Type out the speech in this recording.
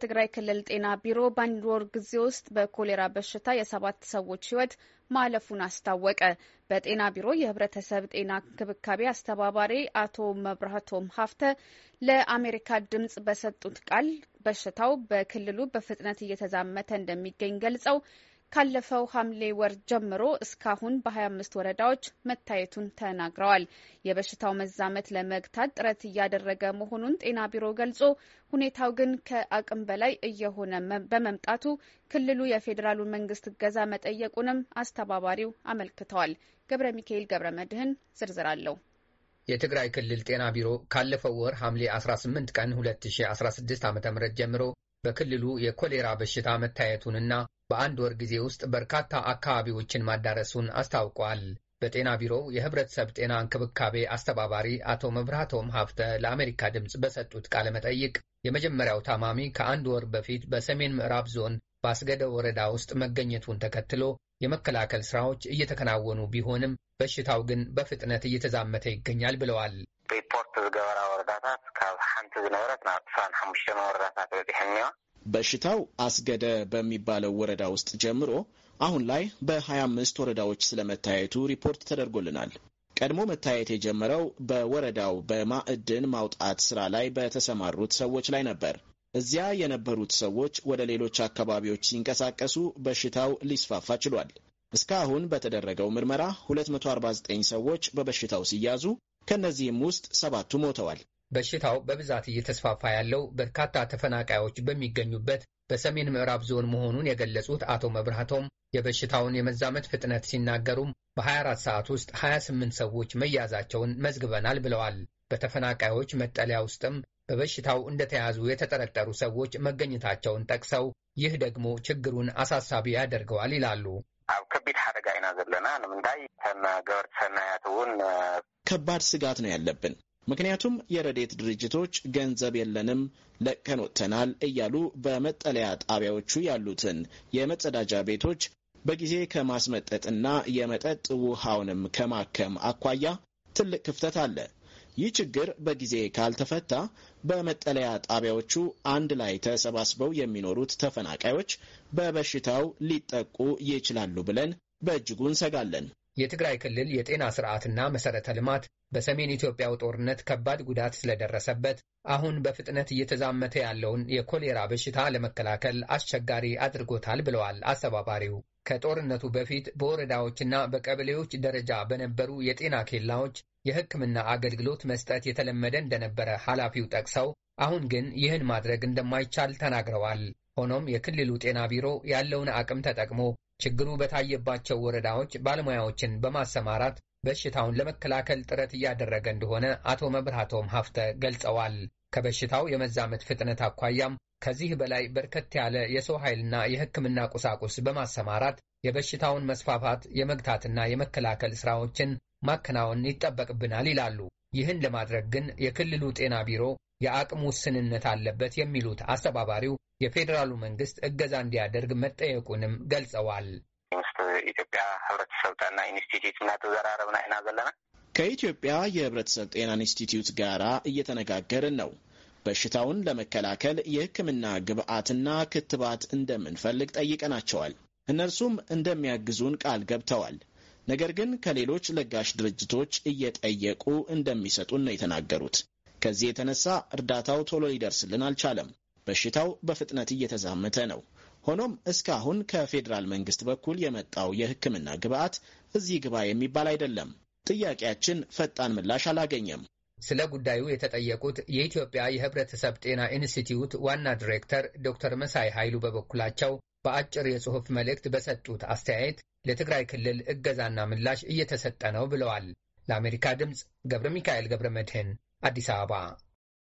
የትግራይ ክልል ጤና ቢሮ በአንድ ወር ጊዜ ውስጥ በኮሌራ በሽታ የሰባት ሰዎች ሕይወት ማለፉን አስታወቀ። በጤና ቢሮ የህብረተሰብ ጤና እንክብካቤ አስተባባሪ አቶ መብራቶም ሀፍተ ለአሜሪካ ድምጽ በሰጡት ቃል በሽታው በክልሉ በፍጥነት እየተዛመተ እንደሚገኝ ገልጸው ካለፈው ሐምሌ ወር ጀምሮ እስካሁን በ25 ወረዳዎች መታየቱን ተናግረዋል። የበሽታው መዛመት ለመግታት ጥረት እያደረገ መሆኑን ጤና ቢሮ ገልጾ ሁኔታው ግን ከአቅም በላይ እየሆነ በመምጣቱ ክልሉ የፌዴራሉ መንግስት እገዛ መጠየቁንም አስተባባሪው አመልክተዋል። ገብረ ሚካኤል ገብረ መድህን ዝርዝር አለው። የትግራይ ክልል ጤና ቢሮ ካለፈው ወር ሐምሌ 18 ቀን 2016 ዓ ም ጀምሮ በክልሉ የኮሌራ በሽታ መታየቱንና በአንድ ወር ጊዜ ውስጥ በርካታ አካባቢዎችን ማዳረሱን አስታውቋል። በጤና ቢሮው የህብረተሰብ ጤና እንክብካቤ አስተባባሪ አቶ መብራቶም ሀብተ ለአሜሪካ ድምፅ በሰጡት ቃለ መጠይቅ የመጀመሪያው ታማሚ ከአንድ ወር በፊት በሰሜን ምዕራብ ዞን በአስገደ ወረዳ ውስጥ መገኘቱን ተከትሎ የመከላከል ስራዎች እየተከናወኑ ቢሆንም በሽታው ግን በፍጥነት እየተዛመተ ይገኛል ብለዋል። ሪፖርት ዝገበራ ወረዳታት ካብ ሓንቲ ዝነበረት ናብ ትስራን ሓሙሽተ ወረዳታት በፂሐን እኒዋ በሽታው አስገደ በሚባለው ወረዳ ውስጥ ጀምሮ አሁን ላይ በ25 ወረዳዎች ስለመታየቱ ሪፖርት ተደርጎልናል። ቀድሞ መታየት የጀመረው በወረዳው በማዕድን ማውጣት ስራ ላይ በተሰማሩት ሰዎች ላይ ነበር። እዚያ የነበሩት ሰዎች ወደ ሌሎች አካባቢዎች ሲንቀሳቀሱ በሽታው ሊስፋፋ ችሏል። እስካሁን በተደረገው ምርመራ 249 ሰዎች በበሽታው ሲያዙ ከእነዚህም ውስጥ ሰባቱ ሞተዋል። በሽታው በብዛት እየተስፋፋ ያለው በርካታ ተፈናቃዮች በሚገኙበት በሰሜን ምዕራብ ዞን መሆኑን የገለጹት አቶ መብራቶም የበሽታውን የመዛመት ፍጥነት ሲናገሩም በ24 ሰዓት ውስጥ 28 ሰዎች መያዛቸውን መዝግበናል ብለዋል። በተፈናቃዮች መጠለያ ውስጥም በበሽታው እንደተያዙ የተጠረጠሩ ሰዎች መገኘታቸውን ጠቅሰው ይህ ደግሞ ችግሩን አሳሳቢ ያደርገዋል ይላሉ። ኣብ ከቢድ ሓደጋ ኢና ዘለና ንምንታይ ተን ገበርቲ ሰናያት እውን ከባድ ስጋት ነው ያለብን ምክንያቱም የረዴት ድርጅቶች ገንዘብ የለንም ለቀን ወጥተናል እያሉ በመጠለያ ጣቢያዎቹ ያሉትን የመጸዳጃ ቤቶች በጊዜ ከማስመጠጥና የመጠጥ ውሃውንም ከማከም አኳያ ትልቅ ክፍተት አለ። ይህ ችግር በጊዜ ካልተፈታ በመጠለያ ጣቢያዎቹ አንድ ላይ ተሰባስበው የሚኖሩት ተፈናቃዮች በበሽታው ሊጠቁ ይችላሉ ብለን በእጅጉ እንሰጋለን። የትግራይ ክልል የጤና ስርዓትና መሰረተ ልማት በሰሜን ኢትዮጵያው ጦርነት ከባድ ጉዳት ስለደረሰበት አሁን በፍጥነት እየተዛመተ ያለውን የኮሌራ በሽታ ለመከላከል አስቸጋሪ አድርጎታል ብለዋል አስተባባሪው። ከጦርነቱ በፊት በወረዳዎችና በቀበሌዎች ደረጃ በነበሩ የጤና ኬላዎች የሕክምና አገልግሎት መስጠት የተለመደ እንደነበረ ኃላፊው ጠቅሰው አሁን ግን ይህን ማድረግ እንደማይቻል ተናግረዋል። ሆኖም የክልሉ ጤና ቢሮ ያለውን አቅም ተጠቅሞ ችግሩ በታየባቸው ወረዳዎች ባለሙያዎችን በማሰማራት በሽታውን ለመከላከል ጥረት እያደረገ እንደሆነ አቶ መብራቶም ሀፍተ ገልጸዋል። ከበሽታው የመዛመት ፍጥነት አኳያም ከዚህ በላይ በርከት ያለ የሰው ኃይልና የሕክምና ቁሳቁስ በማሰማራት የበሽታውን መስፋፋት የመግታትና የመከላከል ሥራዎችን ማከናወን ይጠበቅብናል ይላሉ። ይህን ለማድረግ ግን የክልሉ ጤና ቢሮ የአቅም ውስንነት አለበት የሚሉት አስተባባሪው የፌዴራሉ መንግስት እገዛ እንዲያደርግ መጠየቁንም ገልጸዋል። ውስጥ ኢትዮጵያ ህብረተሰብ ጠና ኢንስቲትዩት እናተዘራረብና ኢና ዘለና ከኢትዮጵያ የህብረተሰብ ጤና ኢንስቲትዩት ጋር እየተነጋገርን ነው። በሽታውን ለመከላከል የህክምና ግብአትና ክትባት እንደምንፈልግ ጠይቀናቸዋል። እነርሱም እንደሚያግዙን ቃል ገብተዋል። ነገር ግን ከሌሎች ለጋሽ ድርጅቶች እየጠየቁ እንደሚሰጡን ነው የተናገሩት። ከዚህ የተነሳ እርዳታው ቶሎ ሊደርስልን አልቻለም። በሽታው በፍጥነት እየተዛመተ ነው። ሆኖም እስካሁን ከፌዴራል መንግስት በኩል የመጣው የሕክምና ግብዓት እዚህ ግባ የሚባል አይደለም። ጥያቄያችን ፈጣን ምላሽ አላገኘም። ስለ ጉዳዩ የተጠየቁት የኢትዮጵያ የህብረተሰብ ጤና ኢንስቲትዩት ዋና ዲሬክተር ዶክተር መሳይ ኃይሉ በበኩላቸው በአጭር የጽሑፍ መልእክት በሰጡት አስተያየት ለትግራይ ክልል እገዛና ምላሽ እየተሰጠ ነው ብለዋል። ለአሜሪካ ድምፅ ገብረ ሚካኤል ገብረ መድህን አዲስ አበባ